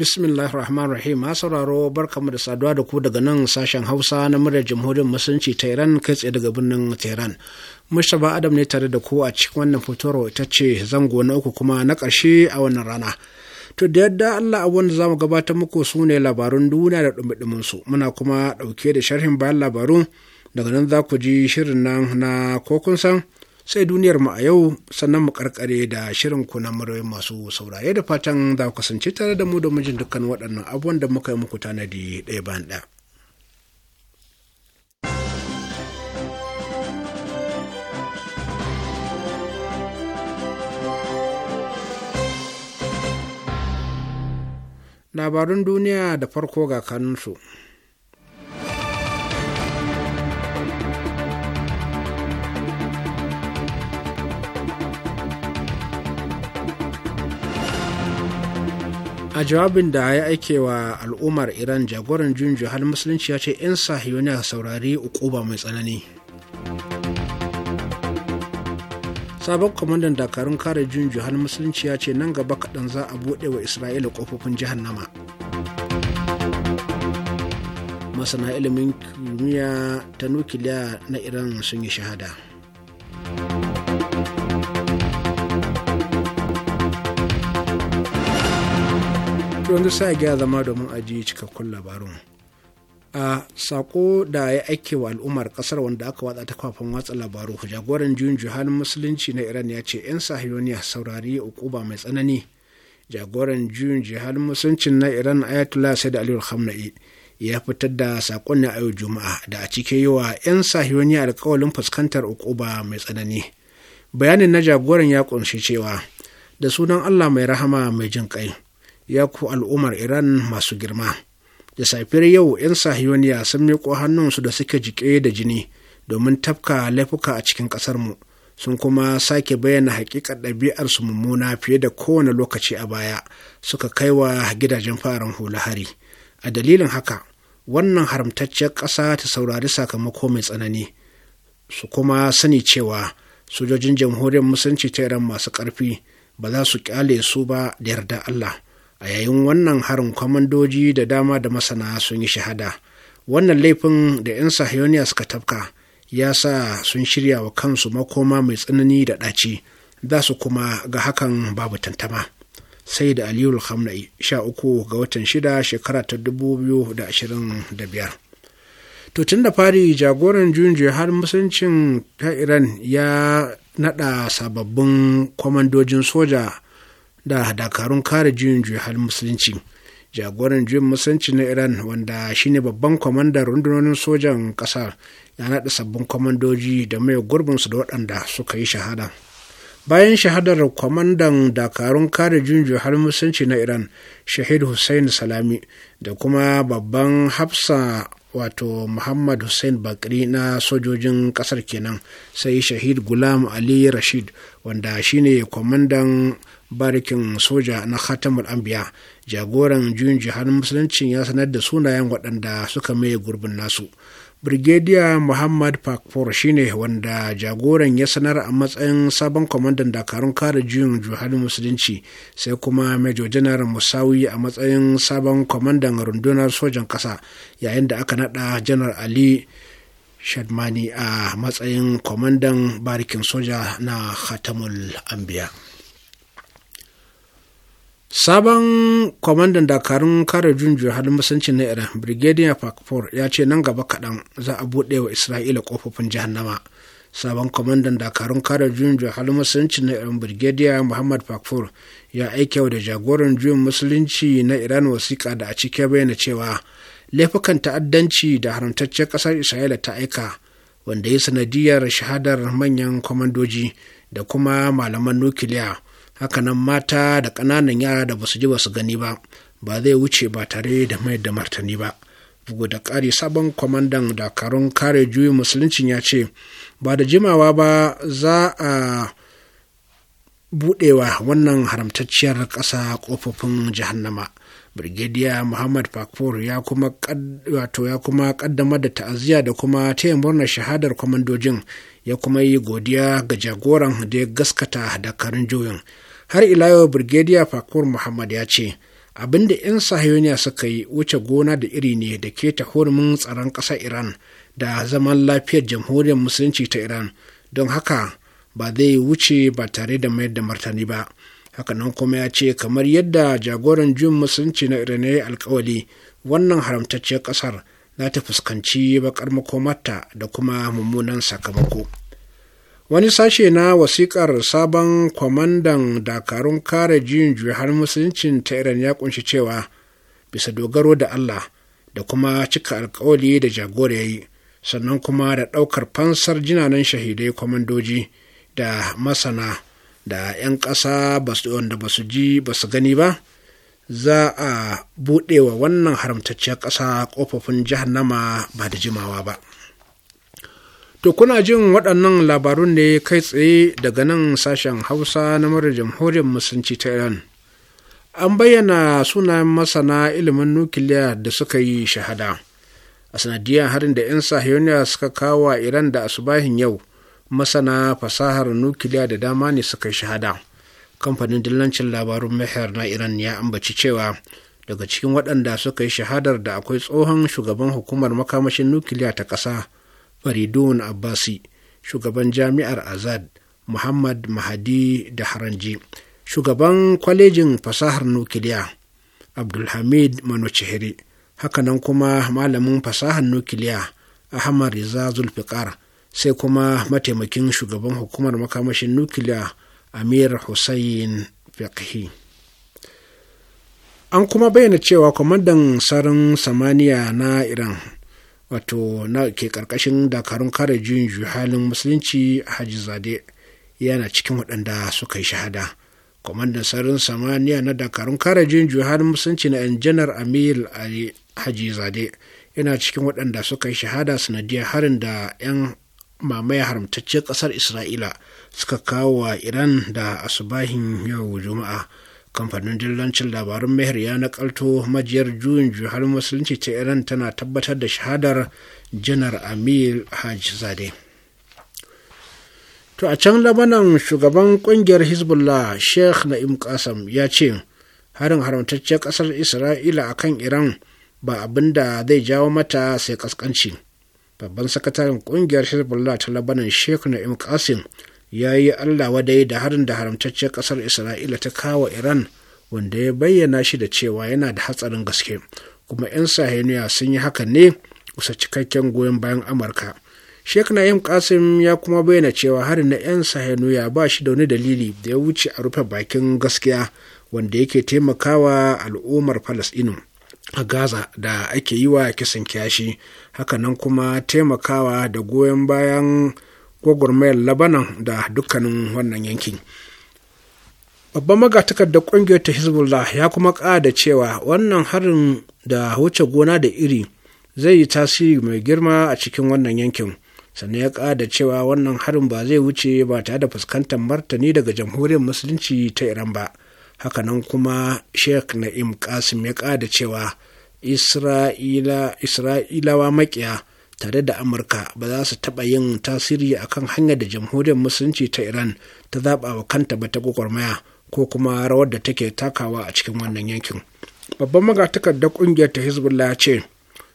bismillahir rahmanir rahim a sauraro barkamu da saduwa da ku daga nan sashen hausa na murar jamhuriyar musulunci ta iran kai tsaye daga birnin tehran mustapha adam ne tare da ku a cikin wannan fitowar ita ce zango na uku kuma na ƙarshe a wannan rana to da yadda allah abuwan da zamu gabatar muku su ne labarun duniya da ɗumbiɗumin su muna kuma ɗauke da sharhin bayan labarun? daga nan za ku ji shirin nan na kun san sai duniyar mu a yau sannan mu karkare da shirin ku na masu saurare da fatan za ku kasance tare da mu da jin dukkan waɗannan abubuwan da muka yi muku tanadi ɗaya bayan ɗaya. Labarun duniya da farko ga kanunsu. a jawabin da ya aike wa al'ummar iran jagoran juyin juhal musulunci ya ce 'yan a saurari ukuba mai tsanani sabon kwamandan dakarun kare juyin juhal musulunci ya ce nan gaba kaɗan za a buɗe wa isra'ila ƙofofin jahannama masana ilimin kimiyya ta nukiliya na iran sun yi shahada to wanda sa gya zama domin ajiye cikakkun labarun a sako da ya ake wa al'ummar kasar wanda aka watsa ta kafin watsa labaru jagoran juyin juhalin musulunci na iran ya ce 'yan sahiyoniya saurari ukuba mai tsanani jagoran juyin jihalin musulunci na iran ayatollah said ali hamna'i ya fitar da sakon na ayo juma'a da a cike yi wa 'yan sahiyoni alkawalin fuskantar ukuba mai tsanani bayanin na jagoran ya kunshi cewa da sunan allah mai rahama mai jin kai ya ku al'ummar iran masu girma da safiyar yau 'yan sahiyoniya sun miƙo hannunsu da suke jiƙe da jini domin tafka laifuka a cikin ƙasarmu sun kuma sake bayyana haƙiƙar su mummuna fiye da kowane lokaci a baya suka kai wa gidajen faran hula hari a dalilin haka wannan haramtacciyar ƙasa ta saurari sakamako mai tsanani su kuma sani cewa sojojin jamhuriyar musulunci ta iran masu ƙarfi ba za su ƙyale su ba da yarda allah a yayin wannan harin kwamandoji da dama da masana sun yi shahada wannan laifin da 'yan sahiyoniya suka tafka ya sa sun shirya wa kansu makoma mai tsanani da ɗaci za su kuma ga hakan babu tantama sai da aliyu alhamdai sha uku ga watan shida shekara ta dubu biyu da ashirin da biyar to tun da fari jagoran junji har musuncin ta iran ya naɗa sababbin kwamandojin soja da dakarun kare juyin juya halin musulunci jagoran juyin musulunci na iran wanda shine babban kwamandar rundunonin sojan ƙasa ya naɗa sabbin kwamandoji da mai gurbinsu da waɗanda suka yi shahada bayan shahadar kwamandan dakarun kare juya halin musulunci na iran shahid hussein salami da kuma babban hafsa wato muhammad hussein bakri na sojojin kasar kenan sai shahid gulam ali rashid wanda shine kwamandan barikin soja na khatamul anbiya jagoran juyin jihar musulunci ya sanar da sunayen waɗanda suka maye gurbin nasu Brigadier Muhammad Pakpor shine wanda jagoran ya sanar a matsayin sabon kwamandan dakarun kare juyin juhalin musulunci sai kuma Major janar Musawi a matsayin sabon kwamandan rundunar sojan ƙasa yayin da aka nada Janar Ali Shadmani a matsayin kwamandan barikin soja na Khatamul Anbiya. sabon kwamandan dakarun kare junjiyar halin musanci na iran brigadier pakpor ya ce nan gaba kaɗan za a buɗe wa isra'ila ƙofofin jahannama sabon kwamandan dakarun kare junjiyar halin musanci na iran brigadier muhammad pakpor ya aikewa da jagoran juyin musulunci na iran wasiƙa da a cike bayyana cewa laifukan ta'addanci da haramtaccen ƙasar isra'ila ta aika wanda ya sanadiyar shahadar manyan kwamandoji da kuma malaman nukiliya hakanan mata da ƙananan yara da basu ji basu gani ba ba zai wuce ba tare da mai da martani ba bugu da ƙari sabon kwamandan dakarun kare juyin musuluncin ya ce ba da jimawa ba za a buɗewa wannan haramtacciyar ƙasa ƙofofin jahannama Birgediya Muhammad Fakfor ya kuma wato ya kuma kaddamar da ta'aziyya da kuma taya murnar shahadar kwamandojin ya kuma yi godiya ga jagoran da ya gaskata dakarun juyin har ila yau brigadier fakur muhammad ya ce abin da 'yan sahiyoniya suka yi wuce gona da iri ne da ke ta hurumin tsaron ƙasar iran da zaman lafiyar jamhuriyar musulunci ta iran don haka ba zai wuce ba tare da mayar da martani ba hakanan kuma ya ce kamar yadda jagoran juyin musulunci na iran ya alkawali wannan haramtacciyar ƙasar za ta fuskanci bakar makomarta da kuma mummunan sakamako. wani sashe na wasikar sabon kwamandan dakarun kare juyin juya har musuluncin ta iran ya kunshi cewa bisa dogaro da allah da kuma cika alkawali da jagora ya yi sannan kuma da ɗaukar fansar jinanan shahidai kwamandoji da masana da 'yan ƙasa wanda ba su ji ba su gani ba za a buɗe wa wannan haramtacciyar ƙasa ƙofofin jahannama ba da jimawa ba. To kuna jin waɗannan labarun ne kai tsaye daga nan sashen Hausa na murar jamhuriyar musulunci ta Iran. An bayyana sunayen masana ilimin nukiliya da suka yi shahada. A sanadiyar harin da 'yan sahiyoniya suka kawo Iran da asubahin yau, masana fasahar nukiliya da dama ne suka yi shahada. Kamfanin dillancin labarun mehar na Iran ya ambaci cewa daga cikin waɗanda suka yi shahadar da akwai tsohon shugaban hukumar makamashin nukiliya ta ƙasa. faridun abbasi shugaban jami'ar azad muhammad mahadi da haranji shugaban kwalejin fasahar nukiliya abdulhamid manuchehri hakanan kuma malamin fasahar nukiliya ahmad riza zulfikar sai kuma mataimakin shugaban hukumar makamashin nukiliya amir hussein fiqhi an kuma bayyana cewa kwamandan sarin samaniya na iran wato na ke karkashin dakarun kare juyin halin musulunci haji zade yana cikin waɗanda suka yi shahada kwamandan sararin samaniya na dakarun kare juyin halin musulunci na 'yanjanar amir ali haji zade yana cikin waɗanda suka yi shahada sanadiyar harin da 'yan mamaya haramtaccen ƙasar isra'ila suka kawo wa iran da asubahin yau juma'a kamfanin dillancin labarun mehr ya nakalto majiyar juyin juhar musulunci ta iran tana tabbatar da shahadar janar amir hajj zade to a can labanan shugaban kungiyar hezbollah sheikh na'im kasam ya ce harin haramtacciyar kasar isra'ila a kan iran ba abin da zai jawo mata sai kaskanci babban sakataren kungiyar hezbollah ta labanan sheikh na'im ya yi allah wadai da harin da haramtacciyar ƙasar isra'ila ta kawo iran wanda ya bayyana shi da cewa yana da hatsarin gaske kuma 'yan saheniya sun yi hakan ne kusa cikakken goyon bayan amurka sheikh na'im kasim ya kuma bayyana cewa harin na 'yan saheniya ba shi da wani dalili da ya wuce a rufe bakin gaskiya wanda yake taimakawa al'ummar falasɗinu a gaza da ake yi wa kisan kiyashi hakanan kuma taimakawa da goyon bayan gwagwarmayar labanan da dukkanin wannan yankin babban da kungiyar ta hezbollah ya kuma ƙada cewa wannan harin da wuce gona da iri zai yi tasiri mai girma a cikin wannan yankin sannan ya da cewa wannan harin ba zai wuce ba tare da fuskantar martani daga jamhuriyar musulunci ta iran ba hakanan kuma sheikh na'im kasim ya da cewa isra'ilawa makiya tare da amurka ba za su taɓa yin tasiri akan hanyar da jamhuriyar musulunci ta iran ta zaɓa wa kanta ba ta gwagwarmaya ko kuma rawar da take takawa a cikin wannan yankin babban da ƙungiyar ta hezbollah ya ce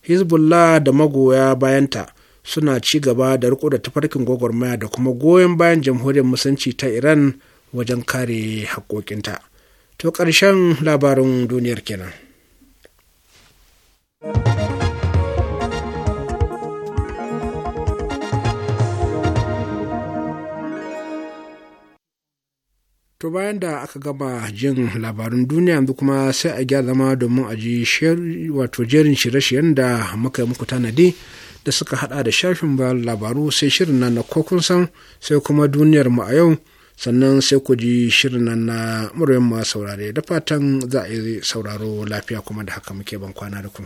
hezbollah da magoya bayanta suna ci gaba da riko da tafarkin gwagwarmaya da kuma goyon bayan jamhuriyar musulunci ta iran wajen kare haƙoƙinta to ƙarshen labarin duniyar kenan. To bayan da aka gama jin labarin duniya yanzu kuma sai a gyara zama domin a ji wato jerin shirye-shiryen da muka yi muku tanadi da suka hada da shafin ba, labaru sai shirin nan na kokun san sai kuma duniyar mu a yau sannan sai ku ji shirin nan na muryan ma saurare da fatan za a yi sauraro lafiya kuma da haka muke ban kwana da ku.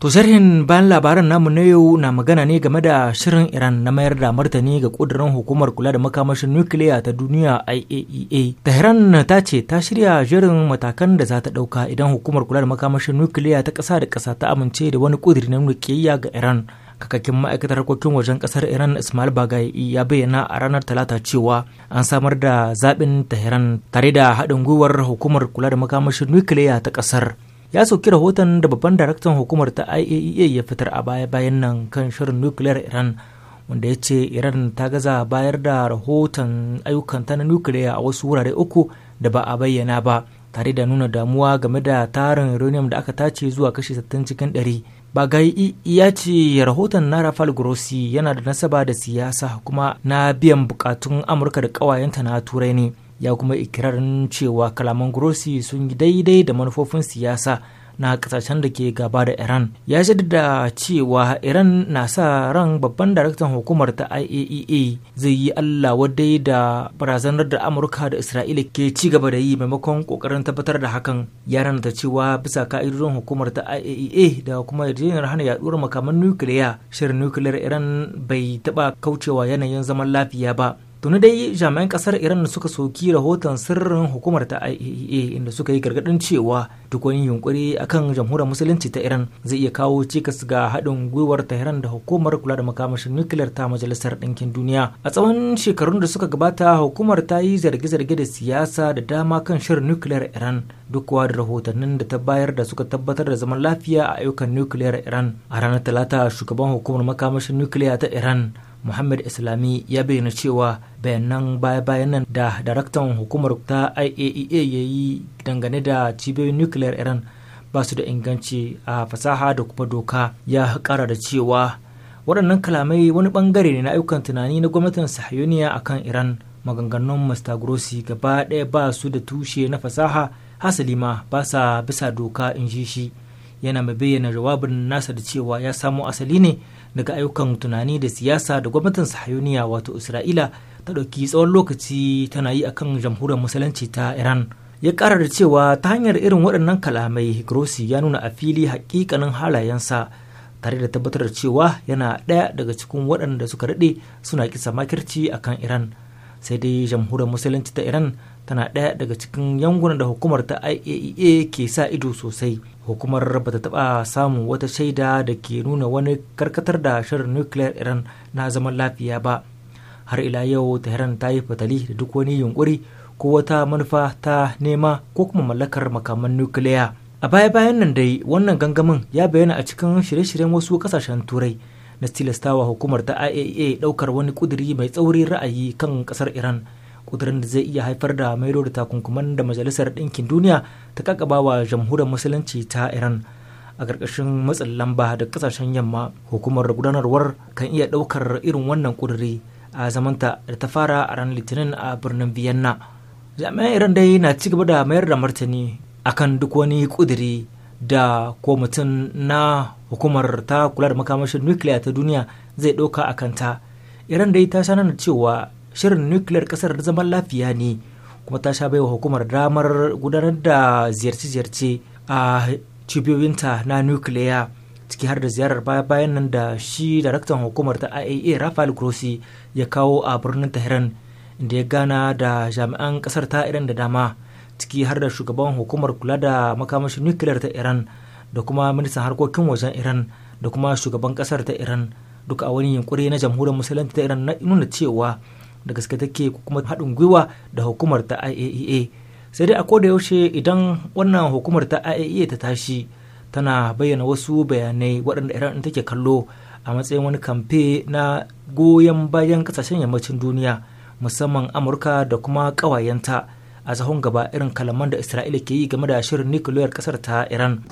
To sharhin bayan labaran namu na yau na magana ne game da shirin Iran na mayar da martani ga kudirin hukumar kula da makamashin nukiliya ta duniya IAEA. E Tehran ta ce ta shirya jerin matakan da za ta ɗauka idan hukumar kula da makamashin nukiliya ta ƙasa da ƙasa ta amince da wani kudiri na nukiliya ga Iran. Kakakin ma'aikatar harkokin wajen ƙasar Iran Ismail Bagai ya bayyana a ranar Talata cewa an samar da zaɓin Tehran tare da haɗin gwiwar hukumar kula da makamashin nukiliya ta ƙasar. ya sauki rahoton da babban daraktan hukumar ta IAEA e ya fitar a baya-bayan nan kan shirin nukiliyar Iran wanda ya ce Iran ta gaza bayar da rahoton ayyukanta na nukiliya a wasu wurare uku da ba a bayyana ba tare da nuna damuwa game da tarin uranium da aka tace zuwa kashi 60 cikin 100 bagai ya ce rahoton na rafal grossi yana da nasaba da siyasa kuma na biyan bukatun amurka da kawayenta na turai ne ya kuma ikirarin cewa kalaman grossi sun yi daidai da manufofin siyasa na kasashen da ke gaba da iran ya jaddada cewa iran na sa ran babban daraktan hukumar ta iaea e zai yi allah wadai da barazanar da amurka da isra'ila ke ci gaba da yi maimakon kokarin tabbatar da hakan ya ranta cewa bisa ka'idodin hukumar ta iaea e da kuma yarjejeniyar hana yaduwar makaman nukiliya shirin nukiliyar iran bai taba kaucewa yanayin zaman lafiya ba tuni dai jami'an kasar iran suka soki rahoton sirrin hukumar ta iaea e inda suka yi gargadin cewa duk wani yunkuri akan jamhuriyar musulunci ta iran zai iya kawo cikas ga haɗin gwiwar tehran da hukumar kula da makamashin nukiliyar ta majalisar ɗinkin duniya a tsawon shekarun da suka gabata hukumar ta yi zarge-zarge da siyasa da dama kan shirin nukiliyar iran duk da rahotannin da ta bayar da suka tabbatar da zaman lafiya a ayyukan nukiliyar iran a ranar talata shugaban hukumar makamashin nukiliya ta iran muhammad islami ya bayyana cewa bayanan baya-bayan nan da daraktan hukumar ta iaea e ya yi dangane da cibiyoyin nuclear iran ba su da inganci a fasaha da kuma doka ya kara da cewa waɗannan kalamai wani ɓangare ne na ayyukan tunani na gwamnatin a kan iran maganganun mr grossi gaba ɗaya ba su da tushe na fasaha hasali ma ba sa bisa doka in shi yana mai bayyana jawabin nasa da cewa ya samo asali ne daga ayyukan tunani da siyasa da gwamnatin sahayuniya wato isra'ila ta ɗauki tsawon lokaci tana yi akan jamhuriyar musulunci ta iran ya ƙara da cewa ta hanyar irin waɗannan kalamai grossi ya nuna a fili hakikanin halayensa tare da tabbatar da cewa yana ɗaya daga cikin waɗanda suka daɗe suna kisa makirci akan iran sai dai jamhuriyar musulunci ta iran tana ɗaya daga cikin yankunan da hukumar ta iaea e ke sa ido sosai hukumar ba taɓa samun wata shaida da ke nuna wani karkatar da shirin nuclear iran na zaman lafiya ba har ila yau tehran ta yi fatali da duk wani yunkuri ko wata manufa ta nema ko kuma mallakar makaman nukiliya a baya-bayan nan dai wannan gangamin ya bayyana a cikin shirye-shiryen wasu ƙasashen turai na tilastawa hukumar ta iaea e ɗaukar wani ƙuduri mai tsauri ra'ayi kan ƙasar iran kudurin da zai iya haifar da maido da takunkuman da majalisar ɗinkin duniya ta kakaba wa jamhuriyar musulunci ta iran a ƙarƙashin matsin lamba da ƙasashen yamma hukumar gudanarwar kan iya ɗaukar irin wannan kuduri a zamanta da ta fara a ranar litinin a birnin vienna jami'an iran dai na ci gaba da mayar da martani akan duk wani kuduri da ko mutum na hukumar ta kula da makamashin nukiliya ta duniya zai ɗauka a kanta iran dai ta sanar cewa shirin nukiliyar kasar da zaman lafiya ne kuma ta sha baiwa hukumar damar gudanar da ziyarce-ziyarce a cibiyoyinta na nukiliya ciki har da ziyarar baya bayan nan da shi daraktan hukumar ta iaea rafael grossi ya kawo a birnin tehran inda ya gana da jami'an kasar ta iran da dama ciki har da shugaban hukumar kula da makamashin nukiliyar ta iran da kuma ministan harkokin wajen iran da kuma shugaban kasar ta iran duka a wani yunkuri na jamhuriyar musulunci ta iran na nuna cewa da gaske take ko kuma haɗin gwiwa da hukumar ta IAEA e sai dai a koda yaushe idan wannan hukumar ta IAEA e ta tashi tana bayyana wasu bayanai waɗanda Iran take kallo a matsayin wani kamfe na goyon bayan kasashen yammacin duniya musamman Amurka da kuma ƙawayenta a zahon gaba irin kalaman da Isra'ila ke yi game da shirin nukiliyar ƙasar ta Iran.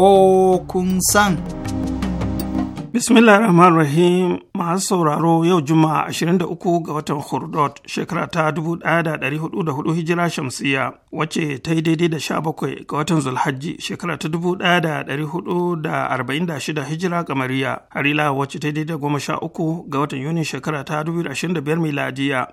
ko kun san. Bismillah rahman rahim masu sauraro yau Juma'a 23 ga watan Hurdot shekara ta 1404 hijira shamsiya wace ta yi daidai da 17 ga watan Zulhajji shekara ta 1446 hijira kamariya harila wace ta yi daidai da 13 ga watan Yuni shekara ta 2025 miladiya.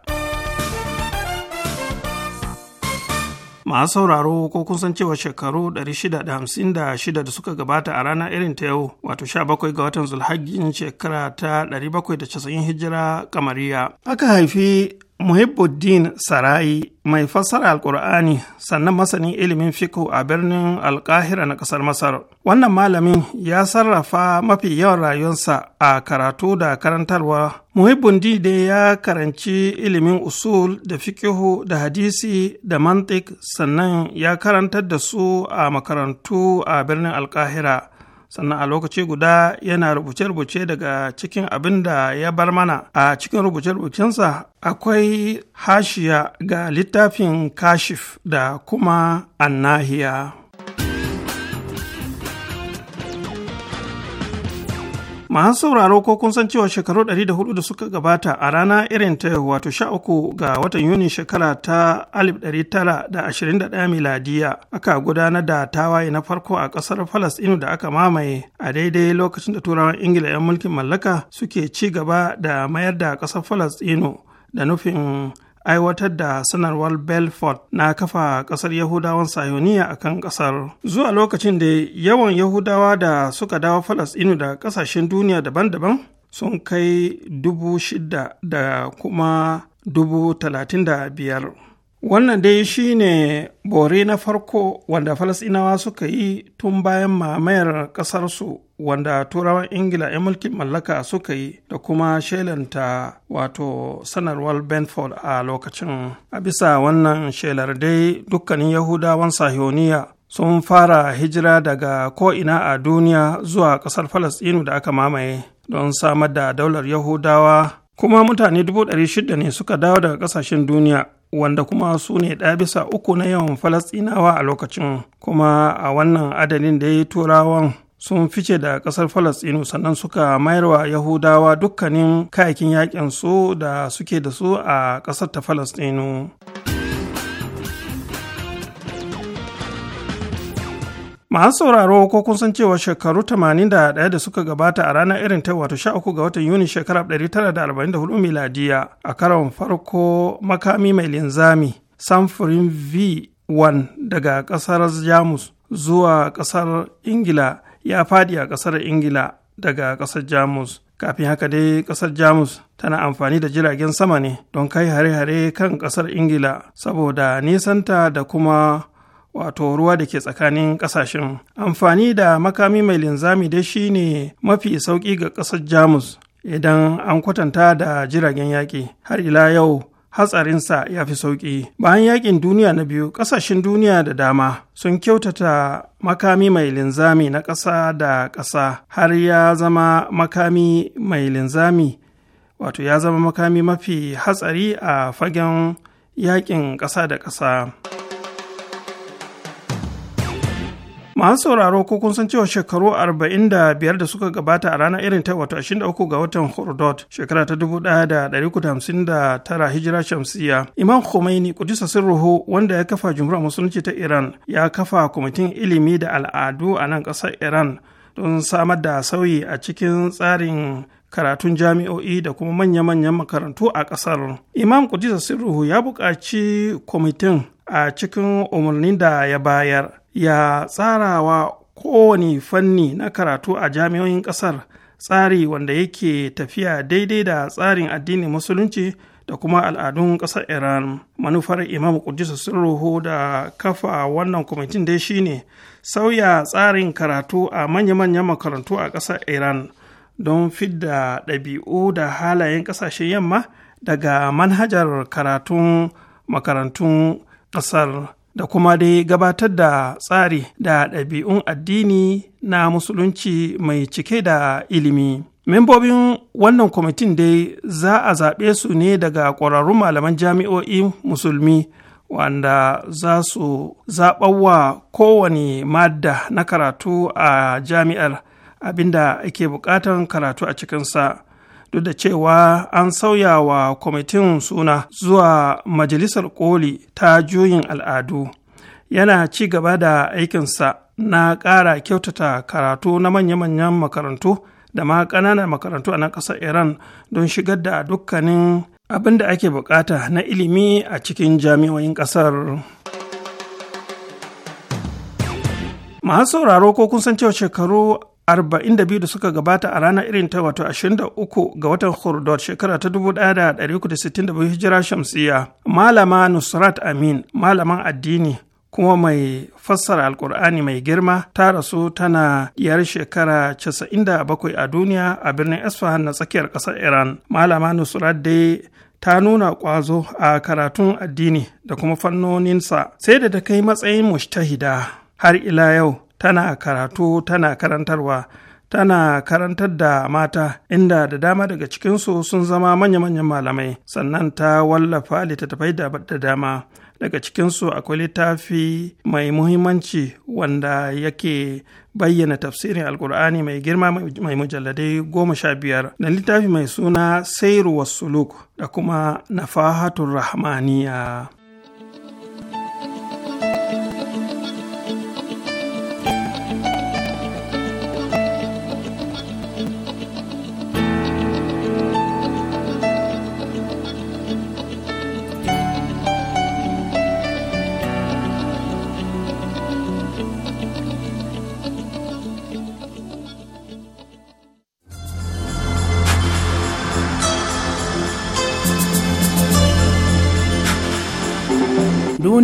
masu sauraro ko kun san cewa shekaru 656 da suka gabata a rana irin ta yau wato 17 ga watan zulhaggin shekara ta 790 hijira kamariya aka haifi Muhibbuddin Sarayi mai fassara Alƙur'ani sannan masanin ilimin fiko a birnin Alƙahira na ƙasar Masar. Wannan malamin ya sarrafa mafi yawan rayuwarsa a karatu da karantarwa. Muhibbuddin dai ya karanci ilimin usul da fikihu da hadisi da mantik sannan ya karantar da su a makarantu a birnin Alƙahira. sannan a lokaci guda yana rubuce-rubuce daga cikin abin da ya bar mana a cikin rubuce-rubucensa akwai hashiya ga littafin kashif da kuma annahiya. Mahan sauraro ko kun san cewa shekaru 104 da suka gabata a rana irin ta wato sha uku ga watan Yuni shekara ta 1921 miladiya aka gudanar da tawaye na farko a ƙasar Falasɗinu da aka mamaye a daidai lokacin da turawan Ingila 'yan mulkin mallaka suke ci gaba da mayar da ƙasar Falasɗinu da nufin aiwatar da sanarwar belfort na kafa ƙasar yahudawan sayoniya a kan ƙasar zuwa lokacin da yawan yahudawa da suka dawo falasɗinu da ƙasashen duniya daban-daban sun kai dubu shida da kuma dubu talatin da biyar Wannan dai shi ne bore na farko wanda Falasɗinawa suka yi tun bayan mamayar ƙasarsu wanda turawan Ingila 'yan mulkin mallaka suka yi da kuma shelanta wato sanarwar Benford a lokacin. A bisa wannan shelar dai dukkanin Yahudawan sahioniya sun fara hijira daga ko'ina a duniya zuwa ƙasar Falasɗinu da aka mamaye don samar da daular Yahudawa kuma mutane 600 ne suka dawo daga ƙasashen duniya wanda kuma su ne ɗaya bisa uku na yawan falasɗinawa a lokacin kuma a wannan adadin da ya turawan sun fice da ƙasar Falastinu sannan suka mayarwa yahudawa dukkanin kayakin yaƙin su da suke da su a ƙasar ta falasɗinu. masu sauraro ko kun san cewa shekaru 81 da suka gabata a ranar irin ta wato 13 ga watan yuni shekarar 1944 miladiya a karon farko makami mai linzami samfurin v1 daga kasar jamus zuwa kasar ingila ya fadi a kasar ingila daga kasar jamus kafin haka dai kasar jamus tana amfani da jiragen sama ne don kai hare-hare kan kasar ingila saboda nisanta da kuma wato ruwa da ke tsakanin ƙasashen amfani da makami mai linzami dai ne mafi sauƙi ga ƙasar jamus idan an kwatanta da jiragen yaƙi har ila yau hatsarinsa ya fi sauƙi bayan yaƙin duniya na biyu ƙasashen duniya da dama sun kyautata makami mai linzami na ƙasa da ƙasa har ya zama makami mai linzami wato ya zama makami mafi hatsari a fagen yaƙin ƙasa da ƙasa. masu sauraro ko kun san cewa shekaru 45 da suka gabata a ranar irin ta wato 23 ga watan hurdot shekara ta 1959 hijira shamsiya imam khomeini kudisa sirruhu wanda ya kafa jumhuriyar musulunci ta iran ya kafa kwamitin ilimi da al'adu a nan ƙasar iran don samar da sauyi a cikin tsarin karatun jami'o'i da kuma manya-manyan makarantu a ƙasar. Imam Kudisa Sirruhu ya buƙaci kwamitin a cikin umarnin da ya bayar ya tsarawa kowane fanni na karatu a jami'o'in ƙasar tsari wanda yake tafiya daidai da tsarin addinin musulunci da kuma al'adun ƙasar iran manufar imam kudus sirruhu da kafa wannan kwamitin dai shine sauya tsarin karatu a manya-manyan makarantu a ƙasar iran don fidda ɗabi'u da halayen ƙasashen yamma daga manhajar karatun makarantun ƙasar da kuma dai gabatar da tsari da ɗabi'un addini na musulunci mai cike da ilimi. Membobin wannan kwamitin dai za a zaɓe su ne daga ƙwararrun malaman jami'o'i musulmi wanda za su wa kowane madda na karatu a jami'ar abinda ake buƙatar karatu a cikinsa. duk da cewa an sauya wa kwamitin suna zuwa majalisar koli ta juyin al'adu yana ci gaba da aikinsa na ƙara kyautata karatu na manya-manyan makarantu da ma ƙananan makarantu a nan ƙasar iran don shigar da dukkanin abin da ake bukata na ilimi a cikin jami'o'in ƙasar masu sauraro ko kun san cewa shekaru 42 da suka gabata a ranar irin ta wato 23 ga watan Hurdor shekara ta 1362 hijira shamsiya. Malama Nusrat Amin, malaman addini kuma mai fassara alkur'ani mai girma ta rasu tana yar shekara 97 a duniya a birnin Isfahan na tsakiyar ƙasar Iran. Malama Nusrat dai ta nuna ƙwazo a karatun addini da kuma fannoninsa sai da ta kai matsayin mushtahida har ila yau tana karatu tana karantarwa tana karantar da mata inda da dama daga cikinsu sun zama manya-manyan malamai sannan ta wallafa littattafai da dama daga cikinsu akwai littafi mai muhimmanci wanda yake bayyana tafsirin alkur'ani mai girma mai mujalladai goma sha biyar da littafi mai suna sairu Suluk da kuma nafahatun rahmaniya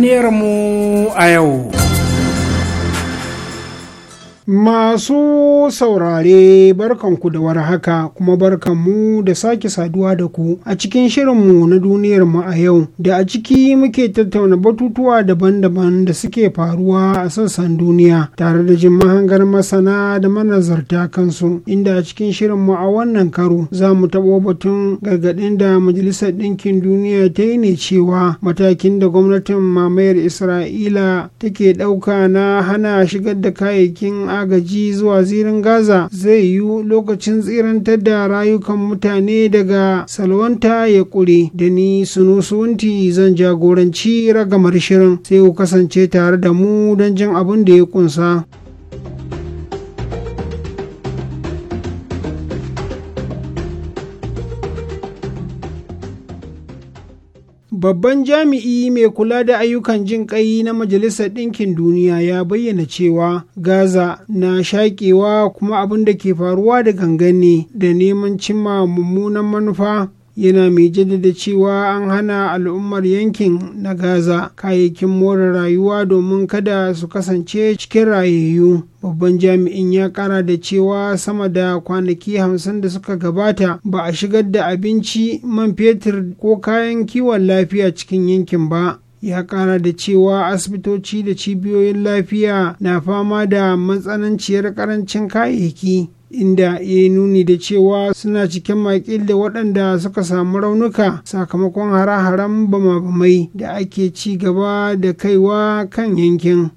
duniyarmu a yau. Masu saurare barkanku da war haka kuma barkanmu da sake saduwa da ku a cikin shirinmu na duniyar mu a yau da a ciki muke tattauna batutuwa daban-daban da suke faruwa a sassan duniya tare da jin mahangar masana da manazarta kansu inda a cikin shirinmu a wannan karo za mu taɓo batun gargaɗin da majalisar ɗinkin duniya ta yi ne cewa matakin da gwamnatin mamayar isra'ila take ɗauka na hana shigar da kayayyakin agaji zuwa zirin gaza zai yiwu lokacin tsirantar da rayukan mutane daga salwanta ya ƙure da ni sunusunti zan jagoranci ragamar shirin sai ku kasance tare da mu don jin abin da ya kunsa. Babban jami'i mai kula da ayyukan jin ƙai na Majalisar Ɗinkin Duniya ya bayyana cewa Gaza na shaƙewa kuma abin da ke faruwa da gangan ne da neman cimma mummunan manufa yana mai jaddada cewa an hana al'ummar yankin na gaza kayayyakin more rayuwa domin kada su kasance cikin rayayyu babban jami'in ya kara da cewa sama da kwanaki hamsin da suka gabata ba a shigar da abinci man fetur ko kayan kiwon lafiya cikin yankin ba ya kara da cewa asibitoci da cibiyoyin lafiya na fama da matsananciyar karancin kayayyaki inda ya nuni da cewa suna cikin makil da waɗanda suka samu raunuka sakamakon hare-haren bama-bamai da ake ci gaba da kaiwa kan yankin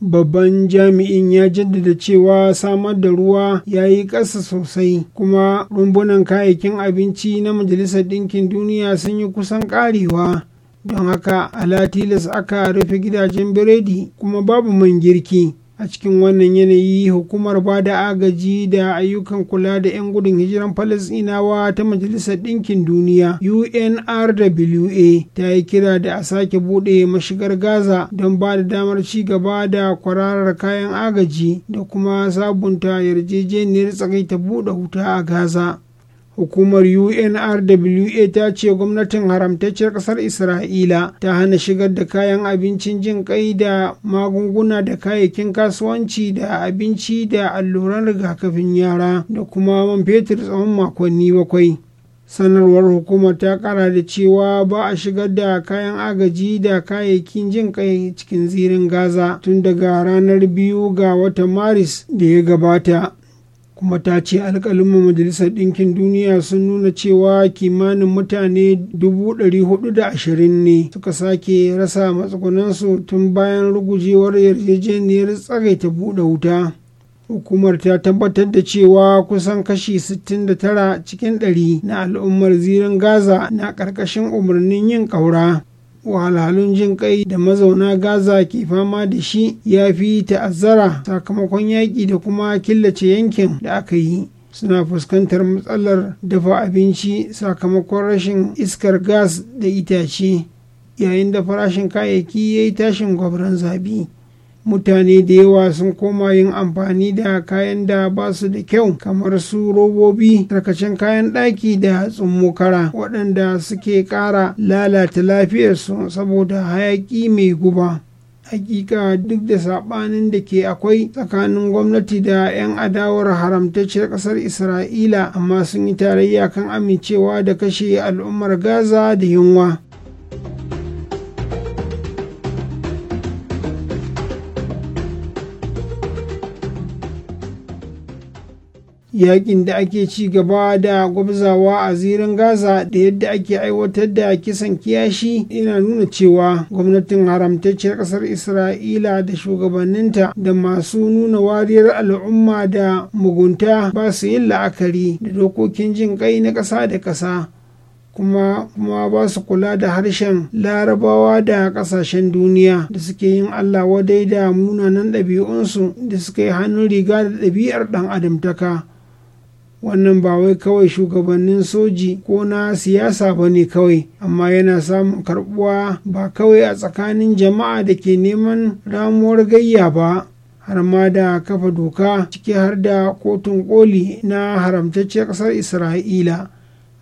babban jami'in ya jaddada cewa samar da ruwa ya yi ƙasa sosai kuma rumbunan kayayyakin abinci na majalisar ɗinkin duniya sun yi kusan ƙarewa don haka alatilas aka rufe gidajen biredi kuma babu man girki a cikin wannan yanayi hukumar ba da agaji da ayyukan kula da 'yan gudun hijiran falasinawa ta majalisar ɗinkin duniya unrwa ta yi kira da a sake buɗe mashigar gaza don ba da damar ci gaba da kwararar kayan agaji da kuma sabunta yarjejeniyar tsakaita buɗe wuta a gaza hukumar unrwa ta ce gwamnatin haramtacciyar ƙasar isra'ila ta hana shigar da kayan abincin jin kai da magunguna da kayayyakin kasuwanci da abinci da alluran rigakafin yara da kuma man fetur tsawon makonni bakwai sanarwar hukumar ta kara da cewa ba a shigar da kayan agaji da kayayyakin jin kai cikin zirin gaza tun daga ranar biyu ga watan maris da ya gabata kuma ta ce alƙalin majalisar ɗinkin duniya sun nuna cewa kimanin mutane 420 ne suka sake rasa matsugunansu tun bayan rugujewar yarjejeniyar tsagaita buɗe wuta hukumar ta tabbatar da cewa kusan kashi 69 cikin 100 na al'ummar zirin gaza na ƙarƙashin umarnin yin ƙaura wahalhalun jin kai da mazauna gaza ke fama da shi ya fi ta'azzara sakamakon yaƙi da kuma killace yankin da aka yi suna fuskantar matsalar dafa abinci sakamakon rashin iskar gas da itace yayin da farashin kayayyaki ya yi tashin gwabran zabi. mutane da yawa sun koma yin amfani da kayan da ba su da kyau kamar su robobi tarkacen kayan ɗaki da tsummokara waɗanda suke ƙara lalata lafiyarsu saboda hayaƙi mai guba hakika duk da saɓanin da ke akwai tsakanin gwamnati da 'yan adawar haramtacciyar ƙasar isra'ila amma sun yi tarayya kan amincewa da kashe al'ummar gaza da yunwa yakin da ake ci gaba da gwabzawa a zirin gaza da yadda ake aiwatar da kisan kiyashi yana nuna cewa gwamnatin haramtacciyar kasar isra'ila da shugabanninta da masu nuna wariyar al'umma da mugunta ba su yin la'akari da dokokin jin kai na ƙasa da ƙasa kuma kuma ba su kula da harshen larabawa da kasashen duniya da suke yin allah wadai da munanan ɗabi'unsu da suka yi hannun riga da ɗabi'ar ɗan adamtaka wannan ba wai kawai shugabannin soji ko na siyasa ba ne kawai amma yana samun karbuwa ba kawai a tsakanin jama'a da ke neman ramuwar gayya ba har ma da kafa doka ciki har da kotun koli na haramtacciyar ƙasar isra'ila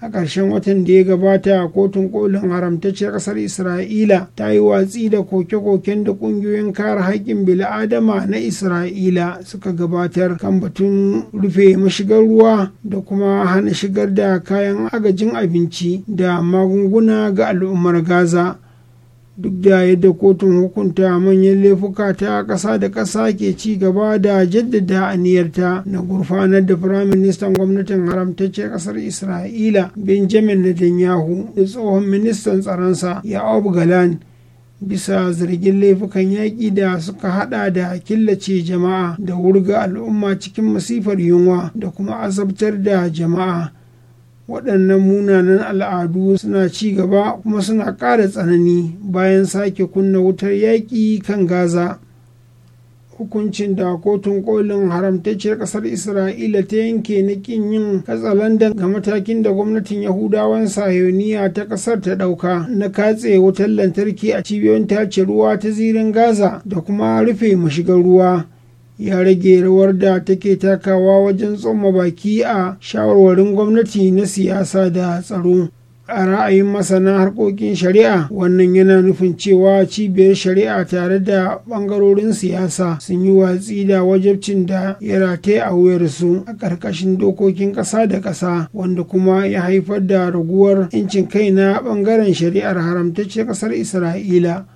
a ƙarshen watan da ya gabata kotun kolin haramtacciyar ƙasar isra'ila ta yi watsi da koke-koken da ƙungiyoyin kare haƙƙin bil'adama na isra'ila suka gabatar kan batun rufe mashigar ruwa da kuma hana shigar da kayan agajin abinci da magunguna ga al'ummar gaza duk da yadda kotun hukunta manyan laifuka ta ƙasa da ƙasa ke ci gaba da jaddada aniyarta na gurfanar da firaministan gwamnatin haramtacce ƙasar isra'ila benjamin netanyahu da tsohon ministan tsaronsa ya galan bisa zargin laifukan yaƙi da suka haɗa da killace jama'a da wurga al'umma cikin masifar yunwa da kuma azabtar da jama'a waɗannan munanan al'adu suna ci gaba kuma suna ƙara tsanani bayan sake kunna wutar yaƙi kan gaza hukuncin da kotun kolin haramtacciyar ƙasar isra'ila ta yanke na ƙin yin katsalandan ga matakin da gwamnatin yahudawan sahiyoniya ta ƙasar ta ɗauka na katse wutar lantarki a cibiyoyin tace ruwa ta zirin gaza da kuma rufe mashigar ruwa ya rage rawar da take takawa wajen tsoma baki a shawarwarin gwamnati na siyasa da tsaro a ra'ayin masana harkokin shari'a wannan yana nufin cewa cibiyar shari'a tare da bangarorin siyasa sun yi watsi da wajabcin da ya rataye a wuyarsu a ƙarƙashin dokokin ƙasa da ƙasa wanda kuma ya haifar da raguwar 'yancin kai na ɓangaren shari'ar haramtacciyar ƙasar isra'ila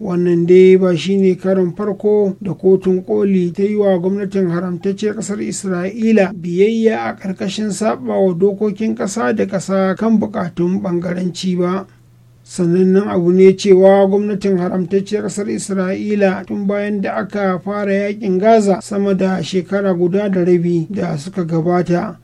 wannan dai ba shine karin farko da kotun koli ta yi wa gwamnatin haramtacciyar kasar isra'ila biyayya a ƙarƙashin wa dokokin ƙasa da ƙasa kan buƙatun ɓangaranci ba sanannen abu ne cewa gwamnatin haramtacciyar ƙasar isra'ila tun bayan da aka fara yakin gaza sama da shekara guda da rabi da suka gabata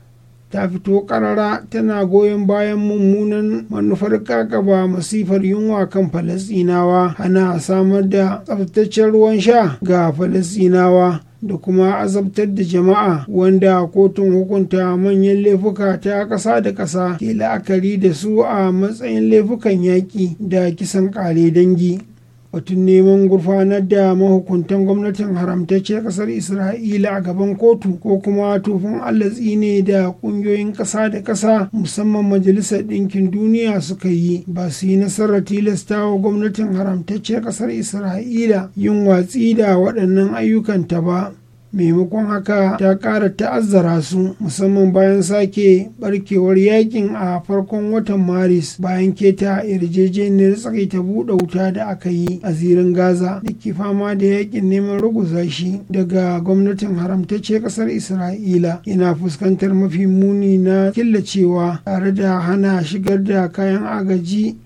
ta fito karara tana goyon bayan mummunan manufar kakaba masifar yunwa kan falasinawa ana samar da tsabtaccen ruwan sha ga falasinawa da kuma azabtar da jama'a wanda kotun hukunta manyan laifuka ta ƙasa da ƙasa ke la'akari da su a matsayin laifukan yaƙi da kisan ƙare dangi batun neman gurfanar da mahukuntan gwamnatin haramtacciyar ƙasar isra'ila a gaban kotu ko kuma tufin allatsi ne da ƙungiyoyin ƙasa da ƙasa musamman majalisar ɗinkin duniya suka yi ba su yi nasarar tilasta wa gwamnatin haramtacciyar ƙasar isra'ila yin watsi da waɗannan ayyukanta ba maimakon haka ta ƙara ta'azzara su musamman bayan sake barkewar yakin a farkon watan maris bayan keta yarjejeniyar ta buɗe wuta da aka yi a zirin gaza da ke fama da yakin neman ruguza shi daga gwamnatin haramtacce ƙasar isra'ila yana fuskantar mafi muni na killacewa tare da hana shigar da kayan agaji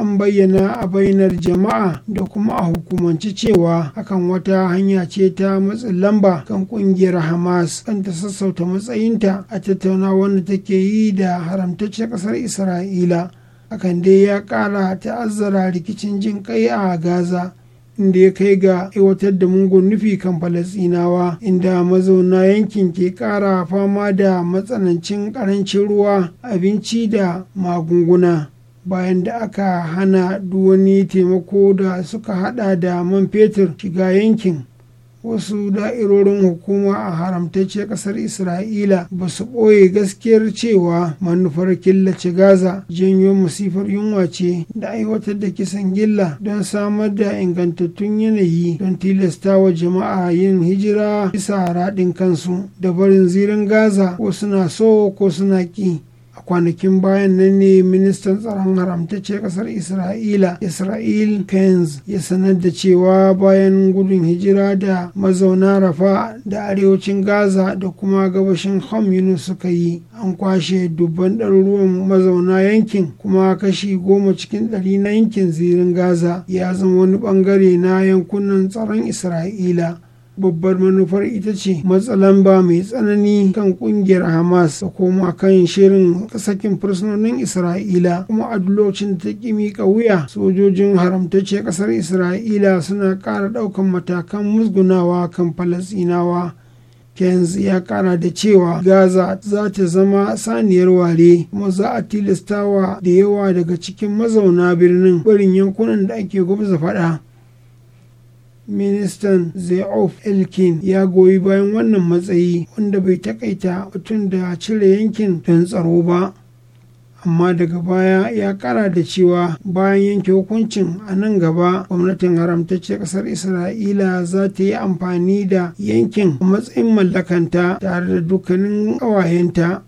an bayyana a bainar jama'a da kuma a hukumance cewa hakan wata hanya ce ta matsin lamba kan kungiyar hamas kan ta sassauta matsayinta a tattaunawar da take yi da haramtaccen kasar isra'ila hakan dai ya kara ta'azzara rikicin jin kai a gaza inda ya kai ga aiwatar da mungun nufi kan falasinawa inda mazauna yankin ke kara fama da matsanancin karancin ruwa abinci da magunguna bayan da aka hana duwani taimako da suka hada da man fetur shiga yankin wasu da'irorin hukuma a haramtacce kasar isra'ila ba su ɓoye gaskiyar cewa manufar killace gaza janyo masifar yunwa ce da aiwatar da kisan gilla don samar da ingantattun yanayi don tilasta wa jama'a yin hijira bisa raɗin kansu da barin zirin gaza ko suna so ko suna ki. a kwanakin bayan nan ne ministan tsaron haramtacce kasar isra'ila isra'il kenz ya sanar da cewa bayan gudun hijira da mazauna rafa da arewacin gaza da kuma gabashin ham yunus suka yi an kwashe dubban ɗaruruwan mazauna yankin kuma kashi goma cikin ɗari na yankin zirin gaza ya zama wani ɓangare na yankunan tsaron isra'ila babbar manufar ita ce ba mai tsanani kan kungiyar hamas da koma kan shirin sakin fursunonin isra'ila kuma a lokacin ta kimika miƙa wuya sojojin haramtacce ƙasar isra'ila suna ƙara ɗaukan matakan musgunawa kan falasinawa kenz ya kara da cewa Gaza za ta zama saniyar ware kuma za a tilastawa da yawa daga cikin mazauna birnin barin yankunan da ake gwamza faɗa. ministan zayof elkin ya goyi bayan wannan matsayi wanda bai takaita mutum da cire yankin don tsaro ba amma daga baya ya kara da cewa bayan yanke hukuncin a nan gaba gwamnatin haramtacce kasar isra'ila za ta yi amfani da yankin a matsayin mallakanta tare da dukkanin ƙawayenta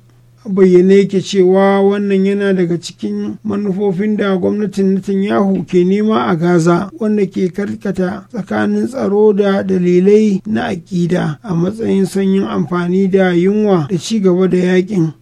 bayyane yake cewa wannan yana daga cikin manufofin da gwamnatin Netanyahu ke nema a Gaza wanda ke karkata tsakanin tsaro da dalilai na aƙida a matsayin sanyin amfani da yunwa da ci gaba da yakin.